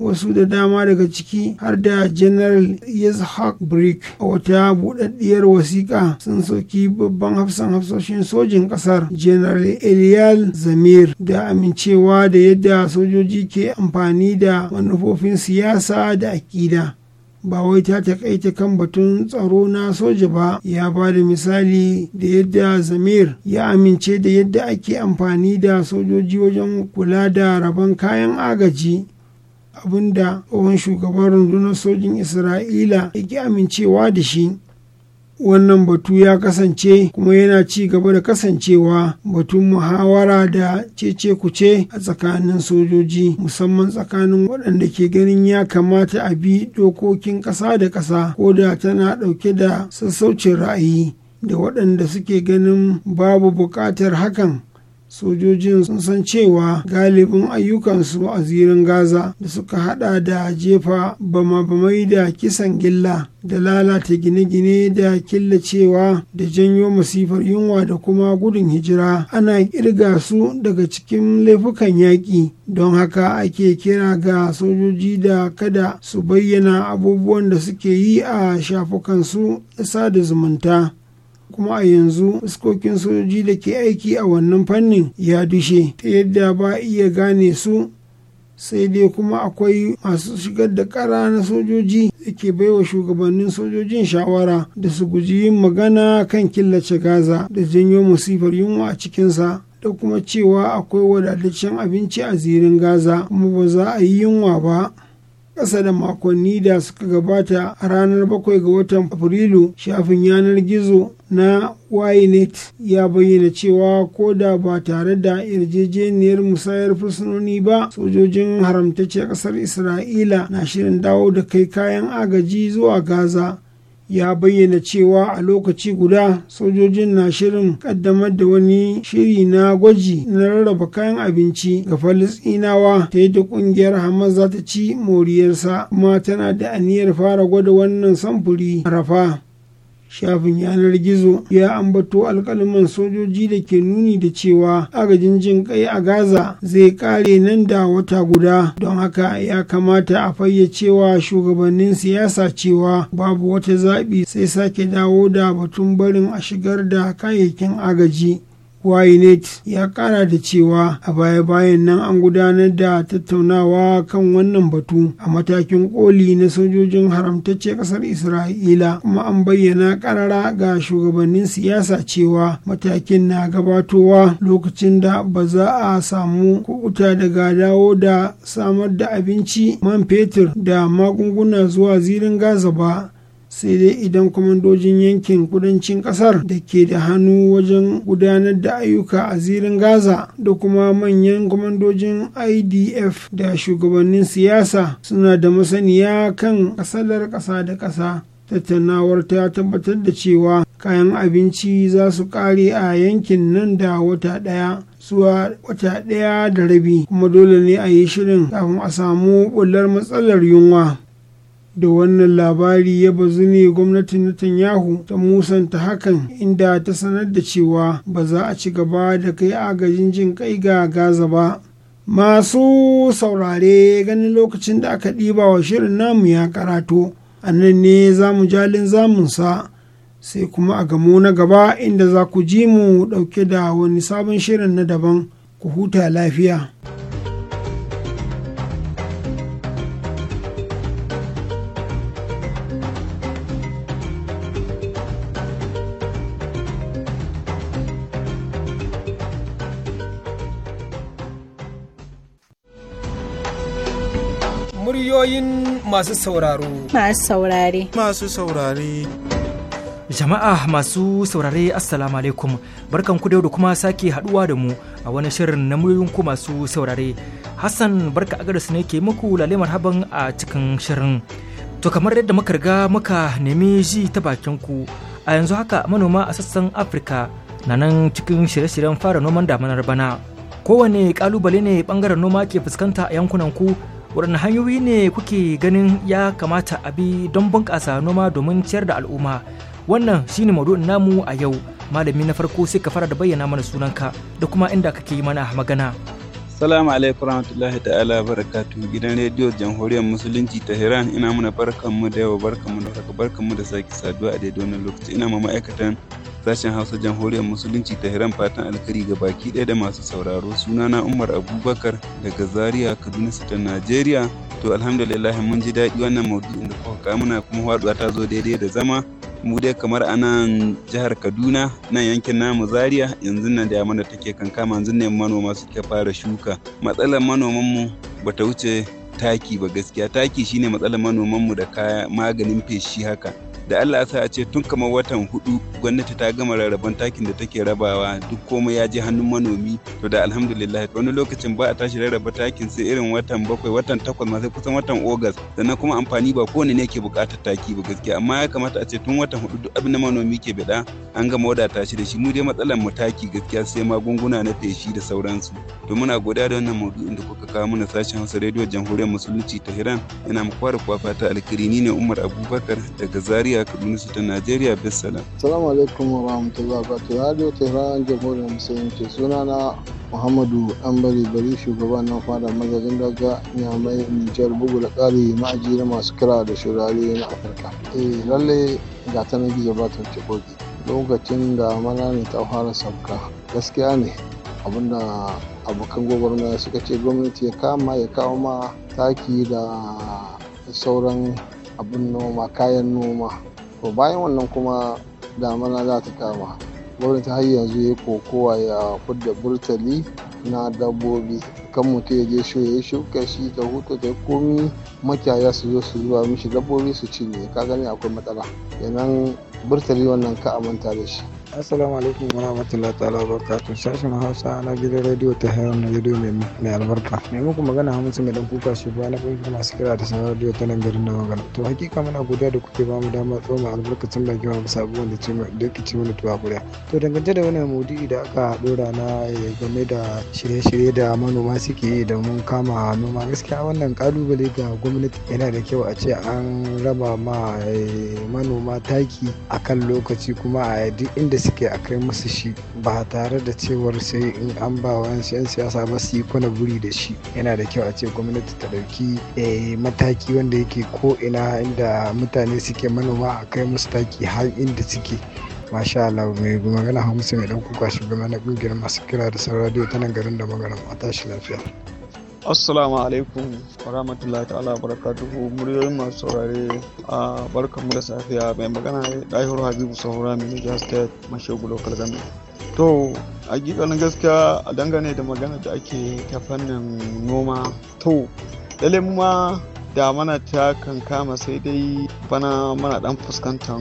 wasu da dama daga ciki har da general yitzhak brick a wata buɗaɗɗiyar wasiƙa sun soki babban hafsan hafsoshin sojin ƙasar general eliyal zamir da amincewa da yadda sojoji ke amfani da manufofin siyasa da aƙida ba wai ta takaita kan batun tsaro na soja ba ya ba da misali da yadda zamir ya amince da yadda ake amfani da sojoji wajen kula da rabon kayan agaji da tsohon shugaban rundunar sojin isra'ila ya ki amincewa da shi wannan batu ya kasance kuma yana ci gaba da kasancewa batun muhawara da cece kuce a tsakanin sojoji musamman tsakanin waɗanda ke ganin ya kamata a bi dokokin ƙasa da ƙasa ko da tana ɗauke da sassaucin ra'ayi da waɗanda suke ganin babu buƙatar hakan sojojin sun san cewa galibin ayyukansu a zirin gaza da suka hada da jefa bama-bamai da kisan gilla da lalata gine-gine da killacewa da janyo masifar yunwa da kuma gudun hijira ana kirga su daga cikin laifukan yaƙi don haka ake kira ga sojoji da kada su bayyana abubuwan da suke yi a shafukansu da zumunta kuma a yanzu fuskokin sojoji da ke aiki a wannan fannin ya dushe ta yadda ba iya gane su sai dai kuma akwai masu shigar da kara na sojoji da ke baiwa shugabannin sojojin shawara da su guji yin magana kan killace gaza da janyo musifar yunwa a cikinsa da kuma cewa akwai wadataccen abinci a zirin gaza kuma ba za a yi yunwa ba ƙasa da makonni da suka gabata a ranar bakwai ga watan afrilu shafin yanar gizo na wainet ya bayyana cewa ko da ba tare da yarjejeniyar musayar fursunoni ba sojojin haramtacciyar ƙasar isra'ila na shirin dawo da kai kayan agaji zuwa gaza ya bayyana cewa a lokaci guda sojojin na shirin kaddamar da wani shiri na gwaji na rarraba kayan abinci ga falisdinawa ta yadda kungiyar hamas za ta ci moriyarsa kuma tana da aniyar fara gwada wannan samfuri rafa shafin yanar gizo ya ambato alkalaman sojoji da ke nuni da cewa agajin jin kai a gaza zai kare nan da wata guda don haka ya kamata a fayyacewa shugabannin siyasa cewa babu wata zaɓi sai sake dawo da batun barin a shigar da kayayyakin agaji Wynet ya kara da cewa a baya-bayan nan an gudanar da tattaunawa kan wannan batu a matakin koli na sojojin haramtacce kasar Isra'ila kuma an bayyana karara ga shugabannin siyasa cewa matakin na gabatowa lokacin da ba za a samu kukuta daga dawo da samar da abinci man fetur da magunguna zuwa zirin Gaza ba. sai dai idan kwamandojin yankin kudancin kasar da ke da hannu wajen gudanar da ayyuka a zirin gaza da kuma manyan kwamandojin idf da shugabannin siyasa suna da masaniya kan kasalar kasa da kasa tattaunawar ta tabbatar da cewa kayan abinci za su kare a yankin nan da wata ɗaya zuwa wata ɗaya da rabi kuma dole ne a yi shirin kafin a samu bullar matsalar yunwa da wannan labari ya bazu ne gwamnatin Netanyahu ta musanta hakan inda ta sanar da cewa ba za a ci gaba da kai agajin jin kai ga Gaza ba. Masu saurare ganin lokacin da aka ɗiba wa shirin namu ya karatu a nan ne za mu jalin zamunsa sai kuma a gamo na gaba inda za ku ji mu ɗauke da wani sabon shirin na daban ku huta lafiya. masu sauraro. Masu saurare. Masu saurare. Jama'a masu saurare Assalamu alaikum barkan ku da kuma sake haduwa da mu a wani shirin na muryoyin ku masu saurare. Hassan barka a agaris ne ke muku lale marhaban a cikin shirin. To kamar yadda muka riga muka nemi ji ta bakin ku a yanzu haka manoma a sassan Afirka na nan cikin shirye-shiryen fara noman damanar bana. Kowane kalubale ne bangaren noma ke fuskanta a yankunan ku waɗanne hanyoyi ne kuke ganin ya kamata a bi don bunƙasa noma domin ciyar da al'umma wannan shine maudu'in namu a yau malami na farko sai ka fara da bayyana mana sunanka da kuma inda kake yi mana magana Salamu alaikum rahmatullahi ta'ala barakatuhu gidan rediyo jamhuriyar musulunci Tahiran. ina muna barkan mu da yawa barkan mu da haka barkan mu da sake saduwa a daidai wannan lokaci ina ma ma'aikatan sashen Hausa jamhuriyar musulunci Tahiran fatan alkari ga baki ɗaya da masu sauraro sunana Umar Abubakar daga Zaria Kaduna State Najeriya to alhamdulillah mun ji daɗi wannan maudu'in da kuka muna kuma waduwa ta zo daidai da zama mu dai kamar a nan jihar kaduna nan yankin namu zaria yanzu nan da da take kankama yanzu ne manoma suke fara shuka matsalar manomanmu bata wuce taki ba gaskiya taki shine matsalar mu da kaya maganin feshi haka da Allah sa ce tun kamar watan hudu gwamnati ta gama rarraban takin da take rabawa duk komai ya je hannun manomi to da alhamdulillah wani lokacin ba a tashi rarraba takin sai irin watan bakwai watan takwas ma sai kusan watan ogas sannan kuma amfani ba kowane ne ke bukatar taki ba gaskiya amma ya kamata a ce tun watan hudu duk abin da manomi ke bida an gama wadata shi da shi mu dai matsalar mu taki gaskiya sai magunguna na feshi da sauransu to muna godiya da wannan maudu'in da kuka kawo mana sashen Hausa rediyo Jamhuriyar Musulunci ta hiran. ina muku fara kuwa fata alkirini ne Umar Abubakar daga Zaria tarayya Kaduna ta Najeriya Bissalam. Salamu alaikum wa rahmatullahi wa ta Radio Tehran Jamhuriyar Musulunci sunana Muhammadu Ambari Bari shugaban nan fada mazajin daga mai Nijar bugu da tsari ma'aji na masu kira da shirari na Afirka. Eh lalle ga ta nan gizo batun cikoki. Lokacin da mana ne ta fara sabka gaskiya ne abinda abokan gwagwarmaya suka ce gwamnati ya kama ya kawo ma taki da sauran abun noma kayan noma to bayan wannan kuma damana za ta kama gwamnati har yanzu ya kokowa ya fudda burtali na dabbobi kan mutum ya je shi ya shuka shi ta hutu ta komi makiyaya su zo su zuwa mishi dabbobi su cinye ka gani akwai matsala kenan burtali wannan ka manta da shi assalamu alaikum wa rahmatullahi ta'ala wa barakatuh sashen hausa na gidan rediyo ta na rediyo mai albarka mai muku magana hamsin mai dan kuka shugaba na kungiyar masu kira da sanar rediyo ta nan garin gana to hakika muna godiya da kuke ba mu dama tsoma albarkacin baki wa bisa abubuwan da ke ci mana tuwa to dangance da wani maudu'i da aka dora na eh, game da shirye-shirye da manoma suke yi da mun kama noma gaskiya wannan kalubale ga gwamnati yana da kyau a ce an raba ma eh, manoma taki akan lokaci kuma a duk inda da suke a kai musu shi ba tare da cewar sai in an ba wa 'yan siyasa ba su yi kwana buri da shi yana da kyau a ce gwamnati ta dauki eh, mataki wanda yake ko ina inda mutane suke manoma a kai musu taki har inda suke masha Allah mai magana hamsin mai dan kuka shugaba na kungiyar masu kira da sauran radio ta nan garin da magana a tashi lafiya Assalamu alaikum warahmatullahi ta'ala barakatuhu muryoyin masu saurare a barkan mu da safiya mai magana ɗahiru habibu sahura mai jihar state mashegu local government to a gikalin gaskiya a dangane da magana da ake ta fannin noma to ɗalin ma da mana ta kankama sai dai bana mana ɗan fuskantar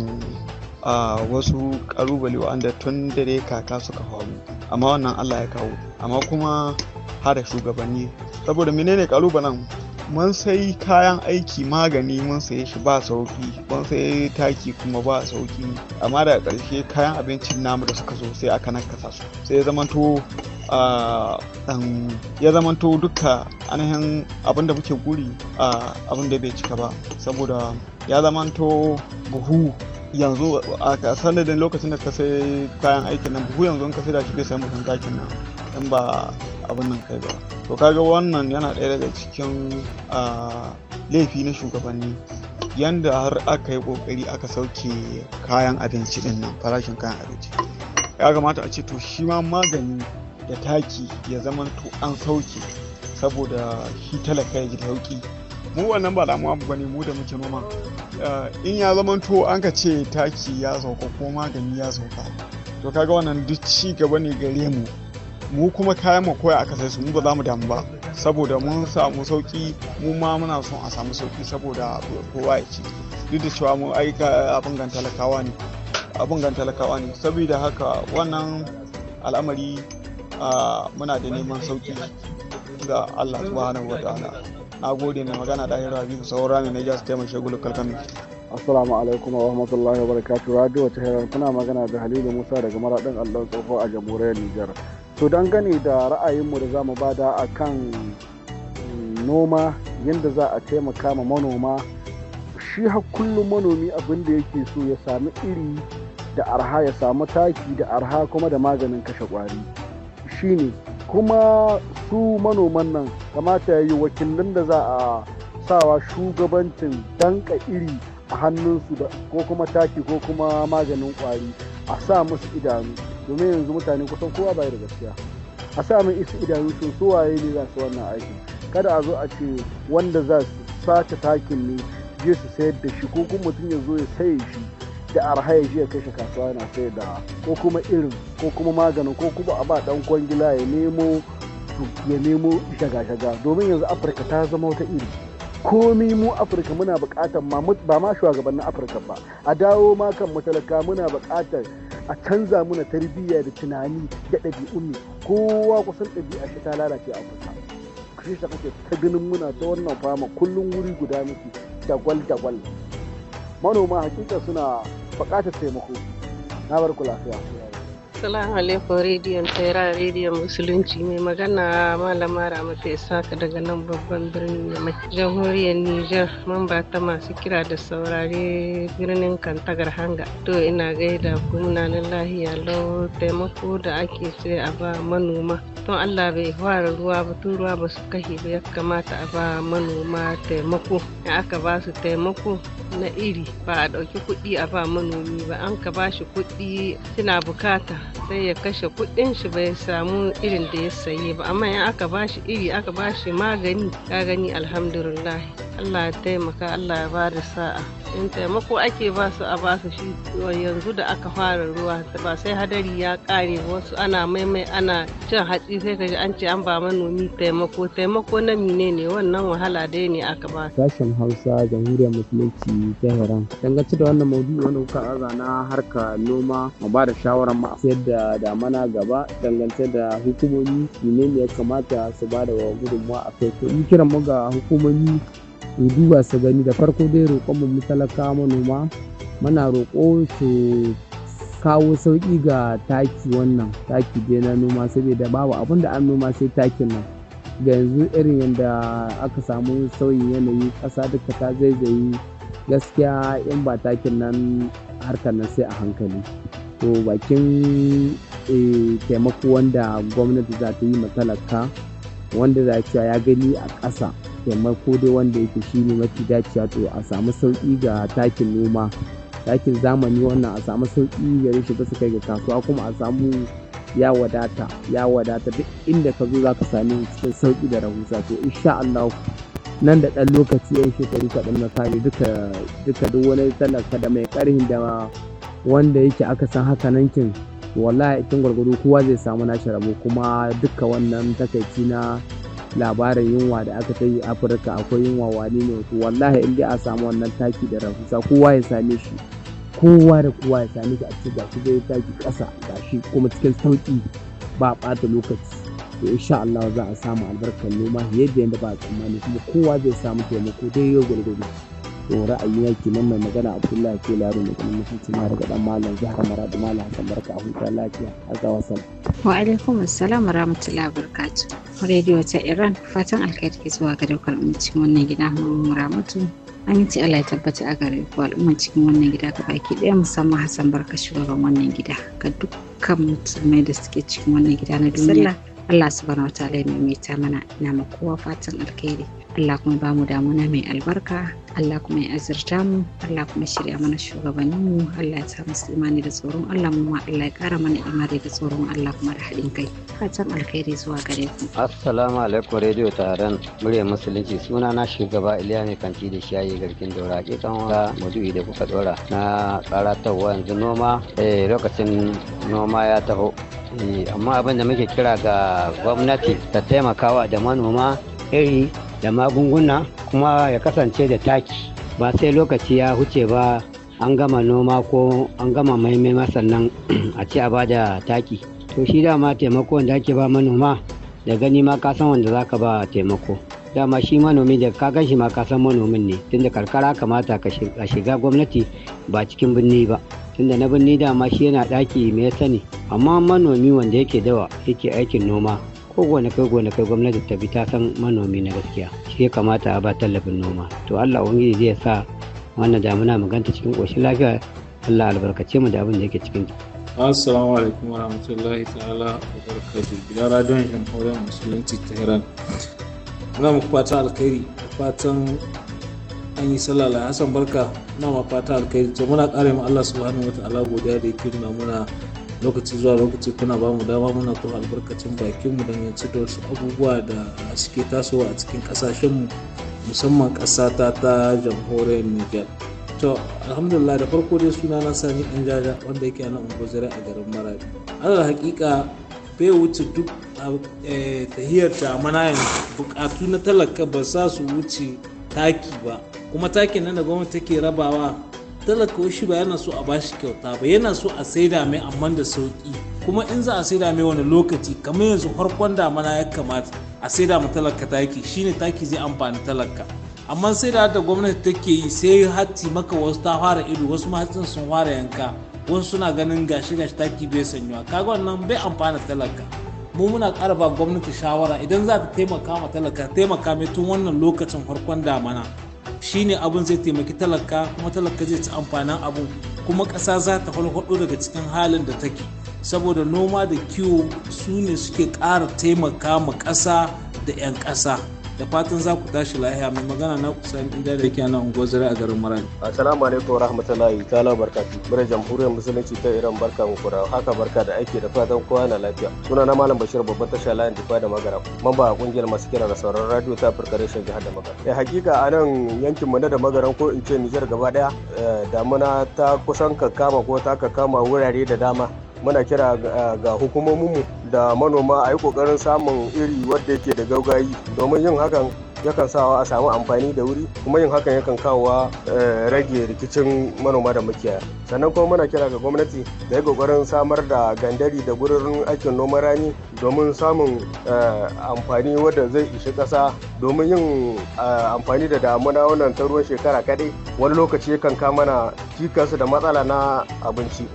a wasu ƙalubale wanda tun dare kaka suka faru amma wannan allah ya kawo amma kuma hada shugabanni saboda menene ƙalubalen mun sai kayan aiki magani mun saye shi ba sauki mun sai taki kuma ba sauki amma daga ƙarshe kayan abincin namu da suka zo sai aka nakasa su sai zamanto ya zamanto duka ainihin abin da muke guri abin da bai cika ba saboda ya zamanto buhu yanzu a sanadin lokacin da ka sai kayan aikin nan buhu yanzu ka sai da shi bai sai mutum takin nan in ba abin nan kai ba to kaga wannan yana ɗaya daga cikin laifi na shugabanni yanda har aka yi kokari aka sauke kayan abinci din nan farashin kayan abinci ya kamata a ce to shi ma magani da taki ya zama to an sauke saboda shi talaka ya ji sauki mu wannan ba damuwa ba ne mu da muke noma Eh, in ya zamanto an ka ce taki ya sauka ko magani ya sauka to kaga wannan duk ci gaba ne gare mu mu kuma kayan mu koya aka sai su mu ba za mu damu ba saboda mun samu sauki mu ma muna son a samu sauki saboda kowa ya ci duk da cewa mu aika abin gan talakawa ne abin gan talakawa ne saboda haka wannan al'amari ah, muna da neman sauki ga Allah subhanahu wa ta'ala na gode magana da hira biyu saura mai Niger State mai shagulu kalkami Assalamu alaikum wa rahmatullahi wa barakatuh radio ta hira kuna magana da Halilu Musa daga maradin Allah tsofo a jamhuriyar Niger to gani da ra'ayinmu da zamu bada kan noma yadda za a taimaka ma manoma shi har kullum manomi abin da yake so ya sami iri da arha ya samu taki da arha kuma da maganin kashe kwari shine kuma su manoman nan kamata ya yi wakilin da za a sawa shugabancin danka iri a hannunsu da ko kuma taki ko kuma maganin kwari a sa musu idanu domin yanzu mutane kusan kowa bai da gaskiya a sa mai isu idanu sun su waye ne za su wannan aiki kada a zo a ce wanda za su sace takin ne je su sayar da shi ko kuma mutum ya zo ya saye shi da arha ya kashe kasuwa yana sai da ko kuma irin ko kuma maganin ko kuma a ba dan kwangila ya nemo ya nemo shaga-shaga domin yanzu afirka ta zama wata iri komi mu afirka muna bukatar ba ma shugabannin afirka ba a dawo ma kan matalaka muna bukatar a canza muna tarbiyya da tunani da ɗabi'un ne kowa kusan ɗabi'a shi ta lalace a kusa shi ta kake ta ganin muna ta wannan fama kullum wuri guda muke dagwal dagwal manoma hakika suna buƙatar taimako na barku lafiya Salamu alaikum rediyon tera rediyon Musulunci mai magana Malama Ramata Isaka daga nan babban birnin Yamai. Jamhuriyar Nijar mamba ta masu kira da saurare birnin Kantagar Hanga. To ina gaida gunanan lahiya lau taimako da ake sai a ba manoma. Don Allah bai fara ruwa ba tun ruwa ba su kahi ba ya kamata a ba manoma taimako. In aka ba su taimako na iri ba a ɗauki kuɗi a ba manomi ba an ka ba shi kuɗi suna bukata sai ya kashe kuɗin shi bai samu irin da ya saye ba amma in aka ba shi iri aka ba shi magani ka gani alhamdulillah Allah ya taimaka Allah ya bada sa'a in taimako ake ba su a ba su shi yanzu da aka fara ruwa ba sai hadari ya kare wasu ana maimai ana cin hatsi sai ka an ce an ba manomi taimako taimako na mine ne wannan wahala dai ne aka ba sashen hausa jamhuriyar musulunci ta hiran dangance da wannan maudu'i wani kuka aza na harka noma mu ba da shawarar ma da damana gaba dangance da hukumomi menene ya kamata su ba da gudunmawa a kai to kiran mu ga hukumomi su duba su gani da farko dai roƙon mu mutalaka manoma muna roƙo su kawo sauƙi ga taki wannan taki dai na noma saboda babu abin da an noma sai takin nan ga yanzu irin yadda aka samu sauyin yanayi ƙasa duka ta zaizayi gaskiya in ba takin nan harkar nan sai a hankali to bakin eh, taimako wanda gwamnati za ta yi matalaka wanda za cewa ya gani a ƙasa taimako dai wanda yake shi ne mafi dacewa to a samu sauƙi ga takin noma takin zamani wannan a samu sauƙi gare shi su kai ga kasuwa kuma a samu ya wadata ya wadata duk inda ka zo za ka sami cikin sauƙi da rahusa to insha Allah nan da ɗan lokaci yan shekaru kaɗan na kare duka duka duk wani talaka da mai ƙarhin da wanda yake aka san haka nankin wallahi itin gwargwado kowa zai samu nashi rabo kuma duka wannan takaici na labarin yunwa da aka yi yi afirka akwai yunwa wani ne wallahi in dai a samu wannan taki da rahusa kowa ya same shi kowa da kowa ya same shi a cikin gashi zai taki ƙasa gashi kuma cikin sauƙi ba ɓata lokaci to insha Allah za a samu albarkar noma yadda yadda ba a tsammani kuma kowa zai samu taimako dai yau gwargwado to ya kenan mai magana abdullahi ke laru mai kuma mutunci na daga dan malam jihar maradu malam hassan barka a huta lafiya azza wa sal wa alaikum assalam wa rahmatullahi wa barakatuh radio ta iran fatan alkhairi ke zuwa ga daukar mutum wannan gida mu ramatu aminci Allah ya tabbata a gare ku al'umma cikin wannan gida ga baki ɗaya musamman Hassan Barka shugaban wannan gida ga dukkan mutumai da suke cikin wannan gida na duniya. Allah subhanahu wa ta'ala ya maimaita mana ina ma kowa fatan alkhairi. Allah kuma ba mu damuna mai albarka Allah kuma ya azurta mu Allah kuma shirya mana shugabannin mu Allah ya sa imani da tsoron Allah mu ma Allah ya kara mana imani da tsoron Allah kuma da haɗin kai fatan alkhairi zuwa gare ku Assalamu alaikum radio taron murya musulunci suna na shugaba Iliya ne kanti da shayi garkin daura kan wanga maudu'i da kuka dora na ta yanzu noma eh lokacin noma ya taho eh, amma abin da muke kira ga gwamnati ta taimakawa da manoma iri da magunguna kuma ya kasance da taki ba sai lokaci ya huce ba an gama noma ko an gama maimai sannan a ce a bada taki to shi dama taimako da ake ba manoma da gani ma ka san wanda zaka ba taimako dama shi manomi da ka gan shi ma ka san manomin ne tunda karkara kamata ka shiga gwamnati ba cikin birni ba tunda na birni dama shi yana daki mai sani amma manomi wanda yake dawa yake aikin noma ko gonakai gonakai gwamnati ta bi ta san manomi na gaskiya shi ya kamata a ba tallafin noma to allah ubangiji zai sa wannan damuna maganta cikin ƙoshin lafiya allah albarkace mu da abin da yake cikin assalamu alaikum rahmatullahi ta'ala wa da gidan radiyon horon musulunci ta hiran muna muku fatan alkhairi fatan an yi sallah la hasan barka muna ma fata alkhairi to muna kare mu Allah subhanahu ta'ala godiya da yake nuna muna lokaci zuwa lokaci kuna ba mu dama muna kuma albarkacin bakin mu yanci da wasu abubuwa da suke tasowa a cikin kasashen musamman ƙasata ta jamhuriyar Nijar. To, alhamdulillah da farko dai suna na sami ɗan jaja wanda yake a nan ungozira a garin Maradi. allah hakika bai wuce duk eh, tahiyar ta mana bukatu na talaka ba sa su wuce taki ba. Kuma takin nan da gwamnati take rabawa talaka shi ba yana so a bashi kyauta ba yana so a saida mai amma da sauki kuma in za a saida mai wani lokaci kamar yanzu farkon damana ya kamata a saida ma talaka taki shine taki zai amfani talaka amma sai da da gwamnati take yi sai hatti maka wasu ta fara ido wasu mahatsin sun fara yanka wasu suna ganin gashi gashi taki bai sanyuwa kaga wannan bai amfana talaka mu muna ƙara ba gwamnati shawara idan za ta taimaka ma talaka taimaka mai tun wannan lokacin farkon damana shi ne abun zai taimaki talaka kuma talaka zai ci amfanin abu kuma ƙasa za ta hulhudu daga cikin halin da take saboda noma da kiwo su ne suke ƙara taimaka ma ƙasa da 'yan ƙasa. da fatan za ku tashi lahiya mai magana na kusan inda da ke nan unguwar zira a garin maradi assalamu alaikum wa rahmatullahi ta'ala barkatu mura jamhuriyar musulunci ta iran barka mu kura haka barka da aiki da fatan kowa na lafiya suna na malam bashir babban tasha layin difa da magara mamba a kungiyar masu kira da sauran radio ta afirka jihar da magara eh hakika a nan yankin mu na da magaran ko in ce nijar gaba daya eh, damuna ta kusan kakkama ko ta kakkama wurare da dama muna kira ga hukumominmu da manoma a yi ƙoƙarin samun iri wadda yake da gaugayi domin yin hakan yakan sawa a samu amfani da wuri kuma yin hakan yakan wa eh, rage rikicin manoma da makiyaya sannan kuma muna kira ga gwamnati da ya kokarin samar da gandari da gurin aikin noman rani domin samun eh, amfani wadda zai ishi ƙasa domin yin eh, amfani da damuna wannan ta ruwan shekara kaɗai wani lokaci yakan kama na cikas da matsala na abinci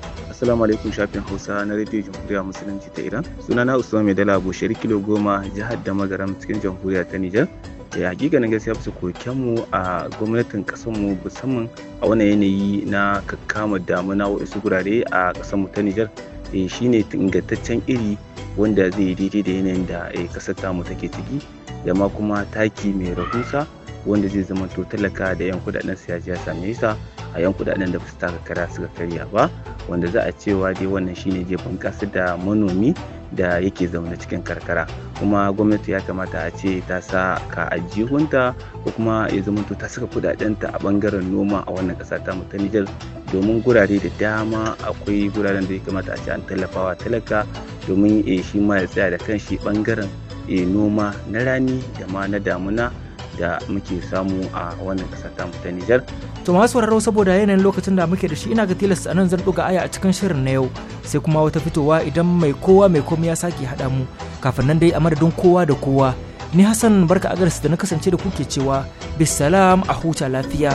Assalamu alaikum shafin Hausa na Radio Jamhuriya Musulunci ta Iran. Suna Sunana Usman dala Bushari kilo goma jihar da magaram cikin Jamhuriya ta Nijar. da eh, hakikanin gaskiya koken mu a gwamnatin mu musamman a wannan yanayi na kakkama damuna wasu gurare a mu ta Nijar eh, shine ingantaccen iri wanda zai yi daidai da yanayin da kasar eh, mu take ciki da ma kuma taki mai rahusa wanda zai zama to talaka da yan kudaden siyaji ya a yan kudaden da basu taka kara suka karya ba wanda za a cewa dai wannan shine zai bunkasa da manomi da yake zaune cikin karkara kuma gwamnati ya kamata a ce ta sa ka ajihunta ko kuma ya zamanto ta saka ta a bangaren noma a wannan kasa ta mu ta Nijar domin gurare da dama akwai guraren da ya kamata a ce an tallafawa talaka domin e shi ma ya tsaya da kanshi bangaren e eh, noma na rani da ma na damuna da muke samu a wannan kasa ta mu ta Nijar To masu sauraro saboda yanayin lokacin da muke da shi ina ga tilasta anan zan ɗuga aya a cikin shirin na yau sai kuma wata fitowa idan mai kowa mai komai ya sake haɗa mu kafin nan dai a madadin kowa da kowa. Ni Hassan barka agarsu da na kasance da kuke cewa bisalam a huta lafiya.